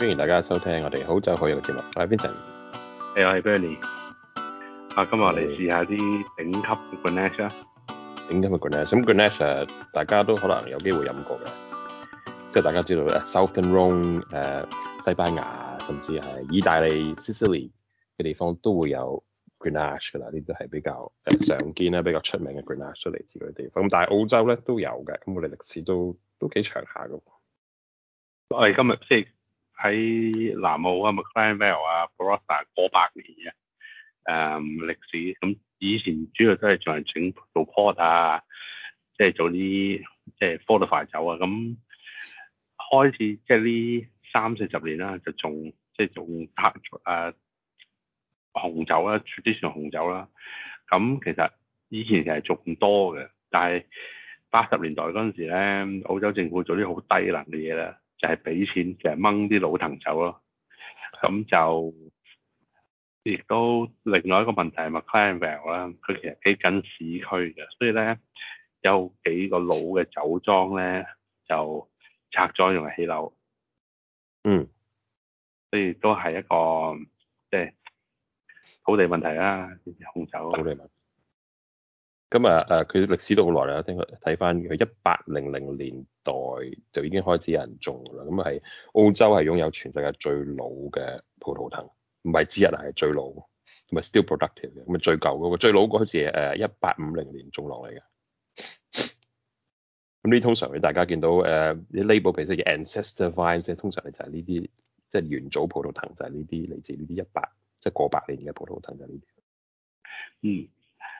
歡迎大家收聽我哋好酒好飲嘅節目。我係 Vincent？係我係 Bernie。啊，今日我哋試下啲頂級 Grenache。頂級嘅 Grenache，咁、嗯、Grenache，大家都可能有機會飲過嘅。即、就、係、是、大家知道咧，Southern Rhone 誒、呃，西班牙甚至係意大利 Sicily 嘅地方都會有 Grenache 噶啦，呢啲係比較常見啦，比較出名嘅 Grenache 嚟自佢哋地方。咁但係澳洲咧都有嘅，咁我哋歷史都都幾長下噶。我哋今日即喺南澳啊，McLaren Vale 啊、p r o t a 過百年嘅誒、嗯、歷史，咁以前主要都係仲係整做，做 port 啊，即、就、係、是、做啲即係 fortified 酒啊，咁開始即係呢三四十年啦，就仲，即係仲拍誒紅酒啦，traditional 紅酒啦，咁其實以前其實仲多嘅，但係八十年代嗰陣時咧，澳洲政府做啲好低能嘅嘢啦。就係俾錢，就係掹啲老藤酒咯。咁就亦都另外一個問題係 McLaren Vale 啦，佢其實幾近市區嘅，所以咧有幾個老嘅酒莊咧就拆咗用嚟起樓。嗯，所以都係一個即係、就是、土地問題啦，啲紅酒。土地問咁啊，誒佢歷史都好耐啦，聽佢睇翻佢一八零零年代就已經開始有人種啦。咁啊，係澳洲係擁有全世界最老嘅葡萄藤，唔係之一，係最老，同埋 still productive 嘅。咁啊，最舊嗰最老嗰好似誒一八五零年種落嚟嘅。咁呢通常你大家見到誒 label 其實叫 ancestor vines 通常就係呢啲即係元祖葡萄藤，就係呢啲嚟自呢啲一百即係、就是、過百年嘅葡萄藤就呢、是、啲。嗯。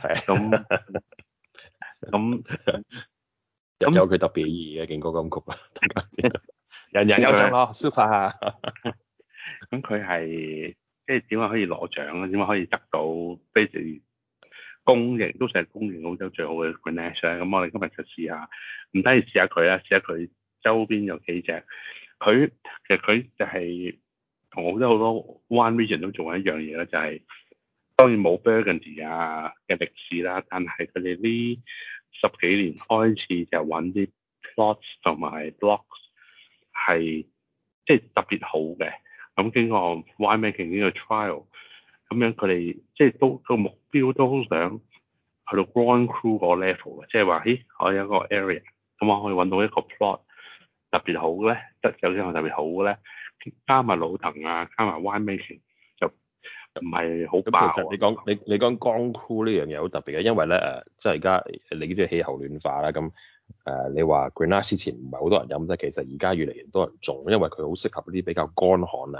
係 啊，咁咁有佢特別意義嘅勁歌金曲啊， 人人有獎咯，Super。咁佢係即係點解可以攞獎咧？點解可以得到 base 公認，都算係公認澳洲最好嘅 Grenache。咁我哋今日就試下，唔單止試下佢啦，試下佢周邊有幾隻。佢其實佢就係、是、同我覺得好多 one vision 都做緊一樣嘢咧，就係、是。當然冇 Burgundy 啊嘅歷史啦，但係佢哋呢十幾年開始就揾啲 plot 同埋 blocks 係即係特別好嘅。咁經過 Wine Making 呢個 trial，咁樣佢哋即係都、這個目標都好想去到 Grand Cru 個 level 嘅，即係話：咦，我有一個 area，咁我可以揾到一個 plot 特別好嘅咧，得有啲係特別好嘅咧，加埋老藤啊，加埋 Wine Making。唔係好爆。咁其實你講你你講乾枯呢樣嘢好特別嘅，因為咧誒，即係而家你啲氣候暖化啦。咁誒，你話 Grenache 之前唔係好多人飲啫，其實而家越嚟越多人種，因為佢好適合啲比較乾旱啊、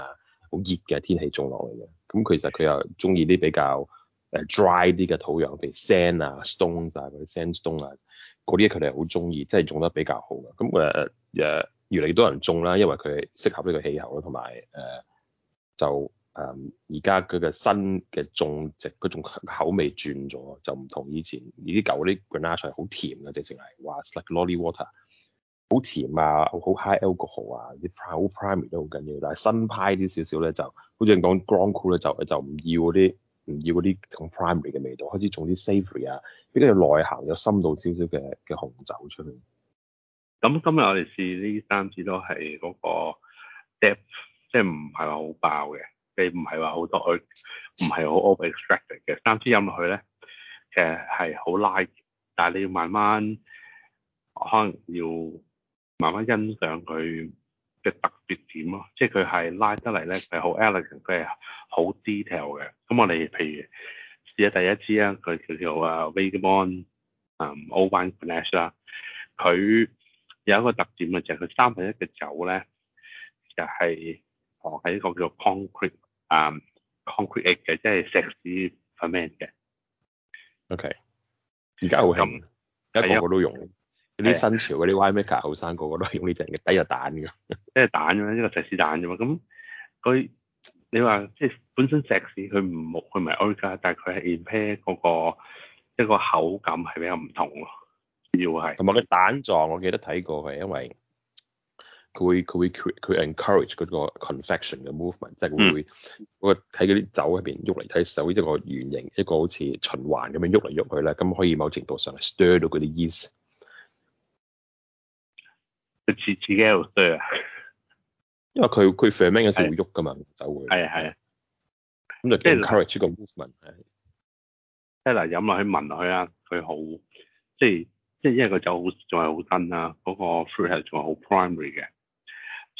好熱嘅天氣種落嚟嘅。咁其實佢又中意啲比較誒 dry 啲嘅土壤，譬如 and, stones, sand 啊、stone 就係嗰啲 sandstone 啊，嗰啲佢哋係好中意，即係種得比較好嘅。咁誒誒，越嚟越多人種啦，因為佢適合呢個氣候咯，同埋誒就。誒而家佢嘅新嘅種植，佢仲口味轉咗，就唔同以前。而啲舊嗰啲 Grenache 好甜嘅，直情係話 like lolly water，好甜啊，好 high alcohol 啊，啲好 primary 都好緊要。但係新派啲少少咧，就好似你講 Grand Cru 咧，就就唔要嗰啲唔要嗰啲咁 primary 嘅味道，開始種啲 savory 啊，比較有內涵、有深度少少嘅嘅紅酒出嚟。咁今日我哋試呢三次都係嗰個 depth，即係唔係話好爆嘅。你唔係話好多，我唔係好 over-extracted 嘅。三支飲落去咧，其實係好 like，但係你要慢慢，可能要慢慢欣賞佢嘅特別點咯。即係佢係 like 得嚟咧，佢係好 elegant，佢係好 detail 嘅。咁我哋譬如試一下第一支啊，佢叫做啊 Vagabond 啊 Old Vine Grenache 啦。佢有一個特點啊，就係佢三分一嘅酒咧，就係放喺一個叫做 Concrete。Um, Concrete 嘅，即係石屎 ferment 嘅。OK，而家好興，而家、嗯、個個都用。啲的新潮嗰啲 wine maker 後生個個都係用呢隻嘅，低係蛋咁。即係蛋啫嘛，一個石屎蛋啫嘛。咁 佢你話即係本身石屎，佢唔冇，佢唔係 organic，但係佢係 improve 嗰個一個口感係比較唔同咯。主要係。同埋佢蛋狀，我記得睇過嘅因為。佢會佢會佢 encourage 嗰個 convection 嘅 movement，即係佢會嗰喺嗰啲酒入邊喐嚟睇手，一個圓形一個好似循環咁樣喐嚟喐去啦，咁可以某程度上嚟 stir 到嗰啲 yeast。佢似自己又 stir 啊？因為佢佢 ferment 嗰時會喐噶嘛，酒、那、會、個。係係。咁就 encourage 出個 movement 係。即係嗱，飲落去聞落去啦，佢好即係即係因為個酒好仲係好新啦，嗰個 flavour 仲係好 primary 嘅。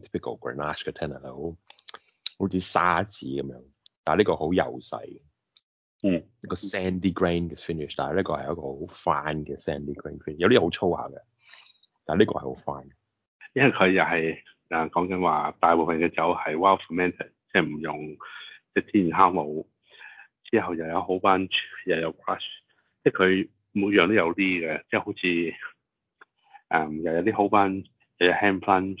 Typical Grenache 嘅 tannin 係好好似沙子咁樣，但係呢個好幼細。嗯，個 sandy grain 嘅 finish，但係呢個係一個好 fine 嘅 sandy grain finish。有啲嘢好粗牙嘅，但係呢個係好 fine。因為佢又係啊講緊話，大部分嘅酒係 wild、well、fermented，即係唔用即係、就是、天然酵母。之後又有好 bunch 又有 crush，即係佢每樣都有啲嘅，即係好似啊、嗯、又有啲好 bunch 又有 hand plunge。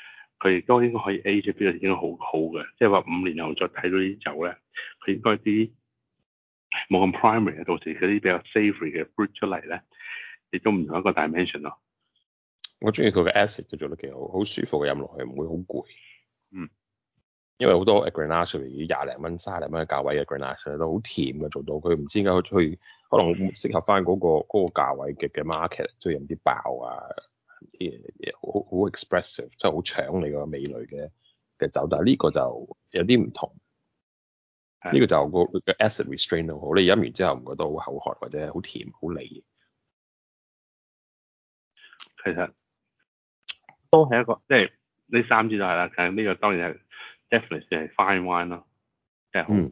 佢亦都應該可以 age 到已經好好嘅，即係話五年後再睇到啲酒咧，佢應該啲冇咁 primary 啊，pr ary, 到時嗰啲比較 savory 嘅 fruit 出嚟咧，亦都唔同一個 dimension 咯。我中意佢嘅 acid，佢做得幾好，好舒服嘅飲落去唔會好攰。嗯。因為好多 a Grenache 嘅廿零蚊、卅零蚊嘅價位嘅 Grenache 都好甜嘅，做到佢唔知點解可可能適合翻、那、嗰個嗰、那個、價位嘅嘅 market，最飲啲爆啊！好好、yeah, yeah, expressive，即係好搶你個味蕾嘅嘅酒，但係呢個就有啲唔同，呢個就個個 acid restraint 都好，你飲完之後唔覺得好口渴或者好甜好膩。其實都係一個，即係呢三支就係啦。其實呢個當然係 definitely 係 fine wine 咯，真係好。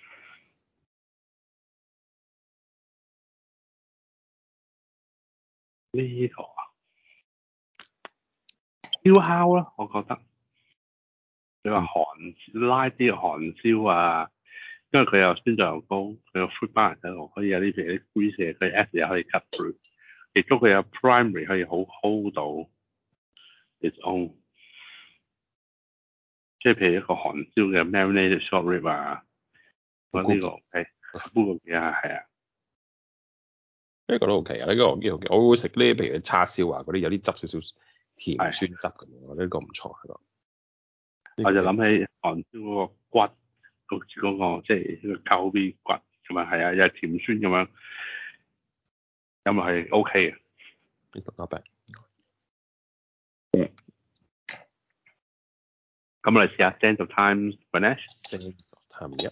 呢個啊，燒烤啦，我覺得。你話韓，拉啲韓燒啊，因為佢有酸進又高，佢有 fruit balance，可以有啲譬如啲 grill 佢嘅 fat 又可以 cut through，亦都佢有 primary 可以好 hold 到 its own。即係譬如一個韓燒嘅 marinated short rib 啊，這個、我呢個係 cut through 嘅啊，係啊。呢個都 OK 啊！呢、這個我幾好奇，我會食呢，譬如叉燒啊，嗰啲有啲汁少少甜酸汁咁樣，我覺得呢個唔錯。這個、我就諗起韓燒嗰個骨，嗰、那、嗰個即係、就是、個咖啡骨咁啊，係啊，又係甜酸咁樣，咁咪係 OK 嘅。唔該曬。嗯。咁我哋試下 Sands of Time 咩咧？Sands of Time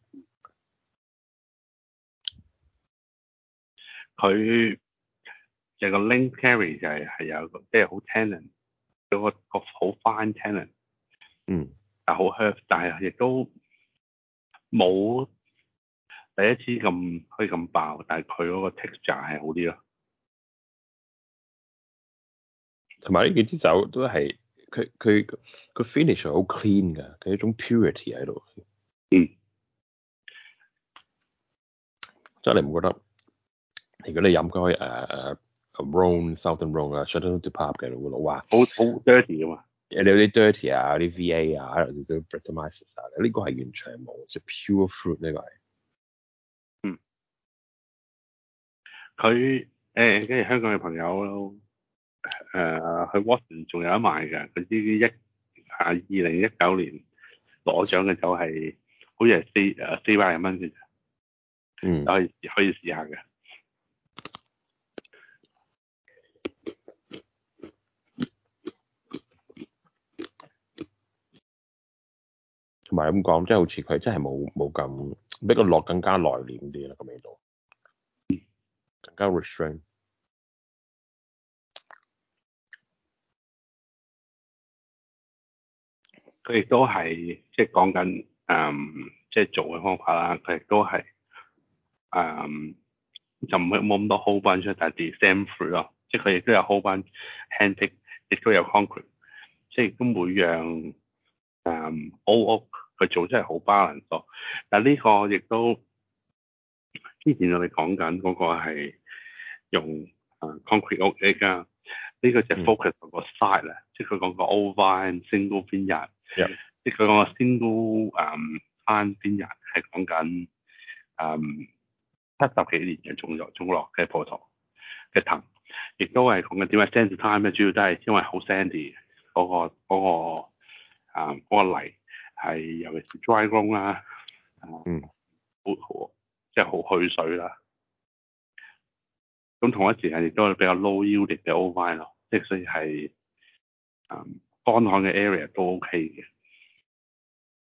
佢成個 link carry 就係係有，即係好、tannin，有個即係好 tannin 有嗰個個好 fine tannin 嗯，但好 soft 但係亦都冇第一支咁可以咁爆，但係佢嗰個 texture 係好啲咯。同埋呢幾支酒都係佢佢佢 finish 係好 clean 㗎，佢一種 purity 喺度，嗯，真你唔覺得。如果你飲開呃，呃，呃，Rhône Southern 呃，Rhône 呃，啊，Châteauneuf 呃，呃，Pape 呃，呃，呃，呃，哇，好好 dirty 㗎嘛，你有啲 dirty 啊，啲 VA 啊，誒啲 Brett、Mousy 啊，呢個係完全冇，即係 pure fruit 呢個係。嗯。佢誒跟住香港嘅朋友，誒去 Watson 仲有得賣㗎，佢啲一啊二零一九年攞獎嘅酒係好似係四誒四百幾蚊先，嗯，可以可以試下嘅。唔係咁講，即係好似佢真係冇冇咁俾個落更加內斂啲啦，個味道，更加 restrain。佢亦都係即係講緊誒，即係做嘅方法啦。佢亦都係誒，就唔會冇咁多 hold back 出嚟，但係 still free 咯。即係佢亦都有 hold back，handpick 亦都有 concrete，即係都每樣誒 all of 佢做真係好平衡度，但係呢個亦都之前我哋講緊嗰個係用啊、呃、concrete 屋嚟㗎，呢個就 focus 個 size 啦、嗯，即係佢講個 over single 邊日、嗯，即係佢講個 single 啊 time 邊日係講緊啊得十幾年嘅重落重落嘅破壘嘅藤，亦都係講緊點解 sandy time 咧，主要都係因為好 sandy 嗰、那個嗰、那個啊嗰、嗯那個泥。係，尤其是 dry ground、啊啦，嗯，好即係好去水啦、啊。咁同一時間亦都係比較 low yield 嘅 o 咯，即係所以係，乾旱嘅 area 都 OK 嘅。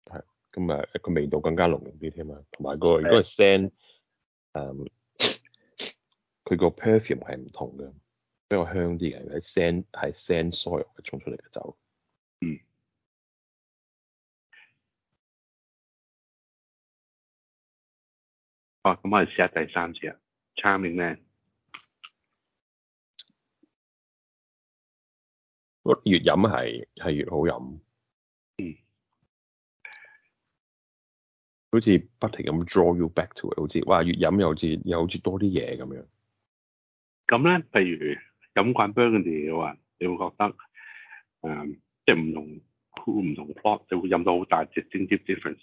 係，咁、嗯、啊，個味道更加濃烈啲添啊。同埋、嗰個的如果係 sand，嗯，佢個 perfume 係唔同嘅，比較香啲嘅。如果係 sand 係 sand soil 沖出嚟嘅酒，嗯。哦，咁我哋試下第三次啊，Charming man。越飲係係越好飲，嗯，好似不停咁 draw you back to it，好似哇越飲又似又好似多啲嘢咁樣。咁咧，譬如飲慣 Burgundy 嘅話，你會覺得誒，即係唔同 cru 唔同 block，就會飲到好大直接 difference。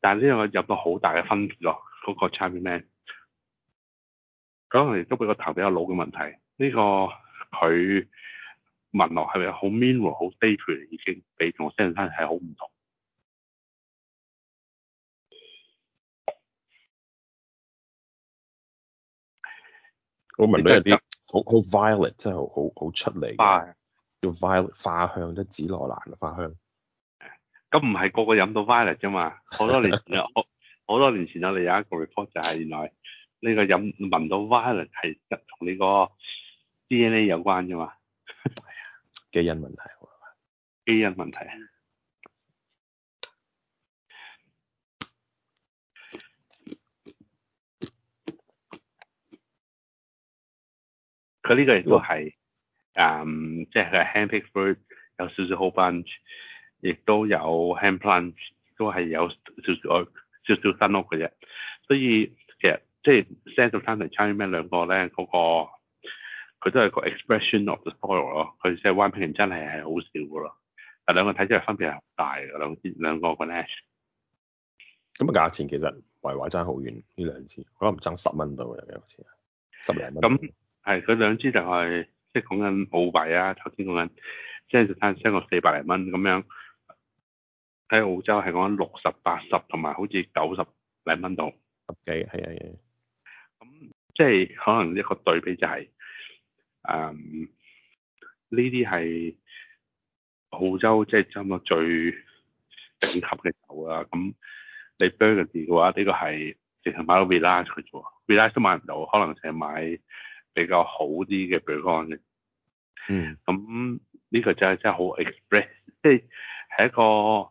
但係呢個入到好大嘅分別咯，嗰、嗰個 training。咁我都俾個頭比較老嘅問題，呢、呢個佢聞落係咪好 minimal、好 dainty 已經比同 send 花係好唔同？我聞到有啲好好 violet，真係好好好出嚟，叫 violet 花香即紫羅蘭嘅花香。咁唔係個個飲到 Violet 啫嘛？好多年有 好多年前有嚟有一個 report 就係原來呢個飲聞到 Violet 係同你個 DNA 有關噶嘛？係啊，基因問題，基因問題佢呢 個亦都係即係佢係 handpicked fruit 有少少 whole bunch。亦都有 h a n d p l a n 都係有少少、哦、少少新屋嘅啫。所以其實即係 Saint John 同 Chin 咩兩個咧，嗰、那個佢都係個 expression of the soil 咯。佢即係 one painting 真係係好少嘅咯。但係兩個體質係分別係大嘅兩兩個個咧。咁啊價錢其實維畫爭好遠呢兩支，可能唔爭十蚊到有嘅好似，十零蚊。咁係佢兩支就係、是、即係講緊好貴啊！頭先講緊 Saint i m e s e n d 個四百零蚊咁樣。喺澳洲係講六十八十同埋好似九十零蚊到十幾，係啊、嗯。咁、嗯、即係可能一個對比就係、是，誒呢啲係澳洲即係差唔多最頂級嘅酒啦。咁你 Burgundy 嘅話，呢、這個係淨係買到 relax 啫 relax 都買唔到，可能淨係買比較好啲嘅 Burgundy 嗯。咁呢個就係、是、真係好 express，即係係一個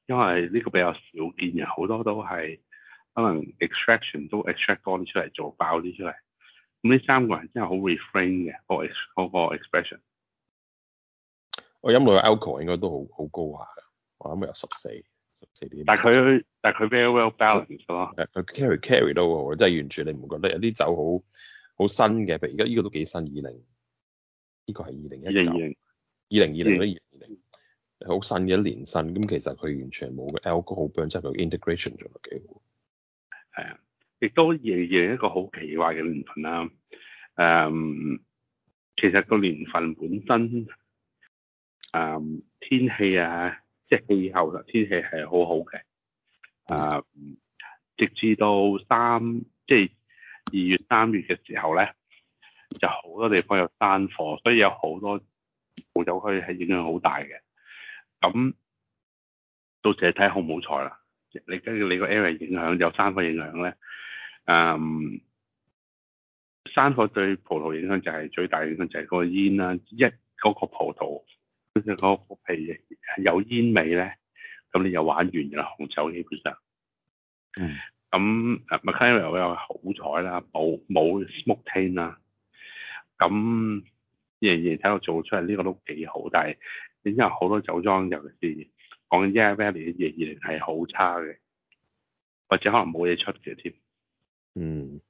因為呢個比較少見嘅，好多都係可能 extraction 都 extract ON 出嚟做爆啲出嚟。咁呢三個人真係好 refrain 嘅個 ex 個 expression 我飲落 alcohol 應該都好好高啊！我諗佢有十四十四點，但係佢但係佢 very well balanced 咯。誒，佢 carry carry 都好，即係完全你唔會覺得有啲酒好好新嘅。譬如而家呢個都幾新，二零呢個係二零一九二零二零嗰啲。好新嘅一年新，咁其實佢完全冇個 alcohol burn，即係佢 integration 做得幾好。係啊，亦都亦係一個好奇怪嘅年份啦。誒、嗯，其實個年份本身誒、嗯、天氣啊，即係氣候啊，天氣係好好嘅。誒、嗯，直至到三即係二月三月嘅時候咧，就好多地方有山火，所以有好多澳洲區係影響好大嘅。咁到時睇好唔好彩啦。你根據你個 area 影響有山火影響咧，嗯，山火對葡萄影響就係、是、最大影響就係個煙啦。一、那、嗰個葡萄嗰、嗰個皮有煙味咧，咁你又玩完啦紅酒基本上。嗯。咁 McLaren 又有好彩啦，冇冇 smoking 啦。咁夜然睇我做出嚟呢個都幾好，但係。然之後好多酒莊尤其是講緊 Yarra Valley 嘅嘢，而係好差嘅，或者可能冇嘢出嘅添。嗯，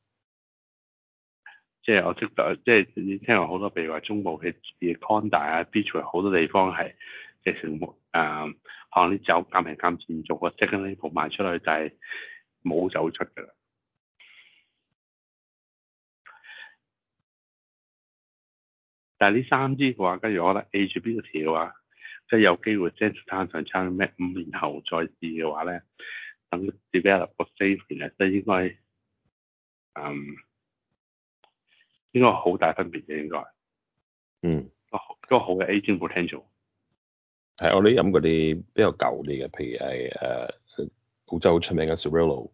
即係我識得，即係你聽話好多，譬如話中部嘅嘅 conda 啊，beach 啊，好多地方係即係成個誒，可能啲酒減平減錢做個 secondary 賣出去，就係冇酒出嘅啦。但係呢三支嘅話，跟住我覺得 age b e 嘅話。即係有機會，即係 t i 上 t i 咩？五年後再試嘅話咧，等 develop 個 s a f e 其咧，即係應該嗯應該好大分別嘅。應該嗯都好好嘅 aging potential 係、嗯、我哋飲嗰啲比較舊啲嘅，譬如係誒、uh, 澳洲好出名嘅 Cirillo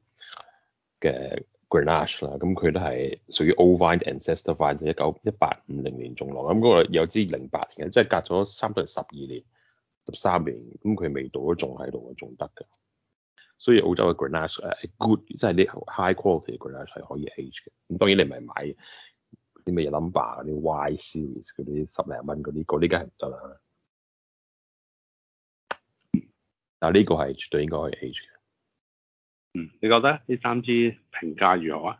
嘅 Grenache 啦，咁佢都係屬於 Old Vine Ancestor Vine 就一九一八五零年種落咁，嗰、那個有支零八年嘅，即係隔咗三到十二年。十三年，咁佢味道都仲喺度，仲得㗎。所以澳洲嘅 Grenache 誒 good，即係啲 high quality Grenache 係可以 age 嘅。咁當然你唔係買啲咩 number 嗰啲 y series 嗰啲十零蚊嗰啲，嗰啲梗係唔得啦。但係呢個係絕對應該可以 age 嘅。嗯，你覺得呢三支評價如何啊？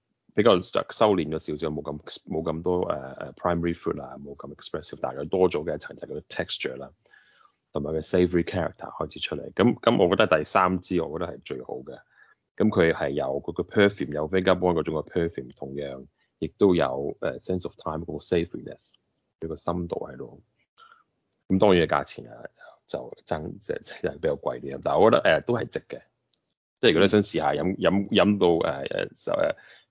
比較收斂咗少少，冇咁冇咁多誒 primary fruit 啊，冇咁 expressive，但係多咗嘅層就係佢 texture 啦，同埋佢 savory character 開始出嚟。咁咁我覺得第三支我覺得係最好嘅。咁佢係有佢嘅 perfume，有 vanilla 嗰種嘅 perfume，同樣亦都有誒 sense of time 嗰個 savouriness，佢個深度喺度。咁當然嘅價錢啊就增即係比較貴啲，但係我覺得誒、呃、都係值嘅。即、就、係、是、如果你想試下飲飲飲到誒誒、呃、就誒。呃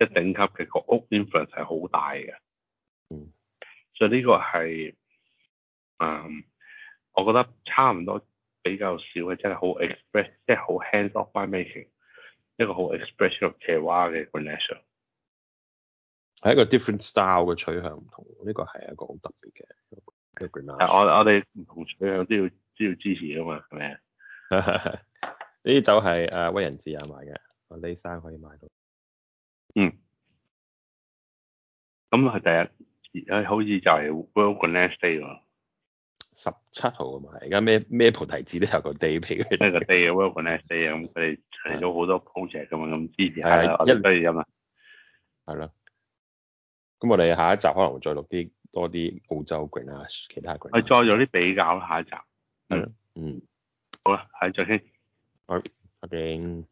即係頂級嘅、嗯、個屋 influence 係好大嘅，嗯，所以呢個係，啊，我覺得差唔多比較少嘅真、就、係、是、好 express，即係好 hands off by making，一個好 expression of Chihuahua 嘅 Grenache，係一個 different style 嘅取向唔同，呢、這個係一個好特別嘅、這個、我我哋唔同取向都要都要支持啊嘛，係咪啊？呢啲酒係啊威人士啊買嘅，我李生可以買到。嗯，咁啊，第一而好似就係 World Grenache Day 喎，十七號啊嘛，而家咩咩菩提子都有個 day 俾佢，一個 day World Grenache Day 啊，咁佢哋嚟咗好多 project 咁樣咁之前下一可咁飲啦，係咯，咁的嘛我哋下一集可能再錄啲多啲澳洲 Grenache 啊，其他 Grenache 係再做啲比較下一集，嗯，嗯，好啦，下再傾，好，我哋。